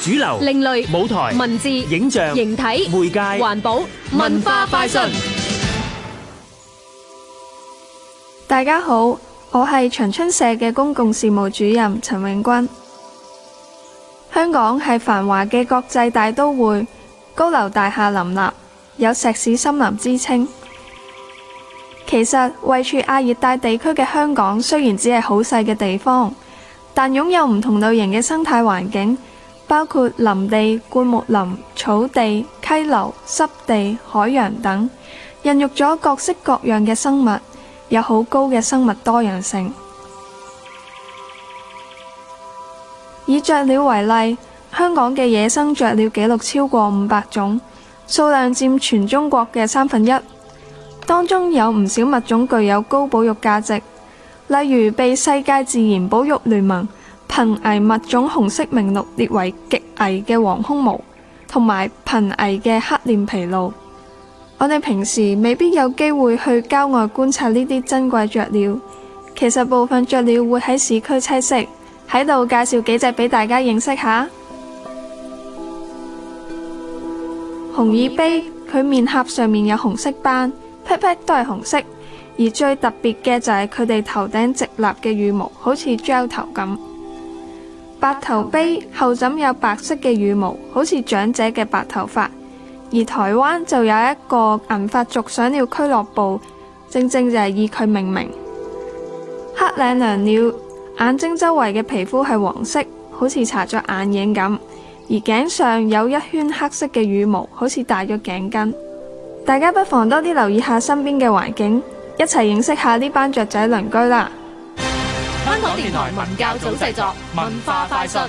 主流、另類舞台、文字、影像、形體、媒介、環保、文化快訊。大家好，我係長春社嘅公共事務主任陳永軍。香港係繁華嘅國際大都會，高樓大廈林立，有石屎森林之稱。其實位處亞熱帶地區嘅香港，雖然只係好細嘅地方，但擁有唔同類型嘅生態環境。包括林地、灌木林、草地、溪流、濕地、海洋等，孕育咗各式各樣嘅生物，有好高嘅生物多樣性。以雀鳥為例，香港嘅野生雀鳥紀錄超過五百種，數量佔全中國嘅三分一，當中有唔少物種具有高保育價值，例如被世界自然保育聯盟瀕危物種紅色名錄列為極危嘅黃胸鵐，同埋瀕危嘅黑臉琵鷺。我哋平時未必有機會去郊外觀察呢啲珍貴雀鳥。其實部分雀鳥會喺市區棲息，喺度介紹幾隻俾大家認識一下。紅耳鵯，佢面頰上面有紅色斑，屁屁都係紅色，而最特別嘅就係佢哋頭頂直立嘅羽毛，好似焦頭咁。白頭鵯後枕有白色嘅羽毛，好似長者嘅白頭髮；而台灣就有一個銀髮族賞鳥俱樂部，正正就係以佢命名。黑領椋鳥眼睛周圍嘅皮膚係黃色，好似搽咗眼影咁；而頸上有一圈黑色嘅羽毛，好似戴咗頸巾。大家不妨多啲留意一下身邊嘅環境，一齊認識一下呢班雀仔鄰居啦。香港電台文教組製作，文化快訊。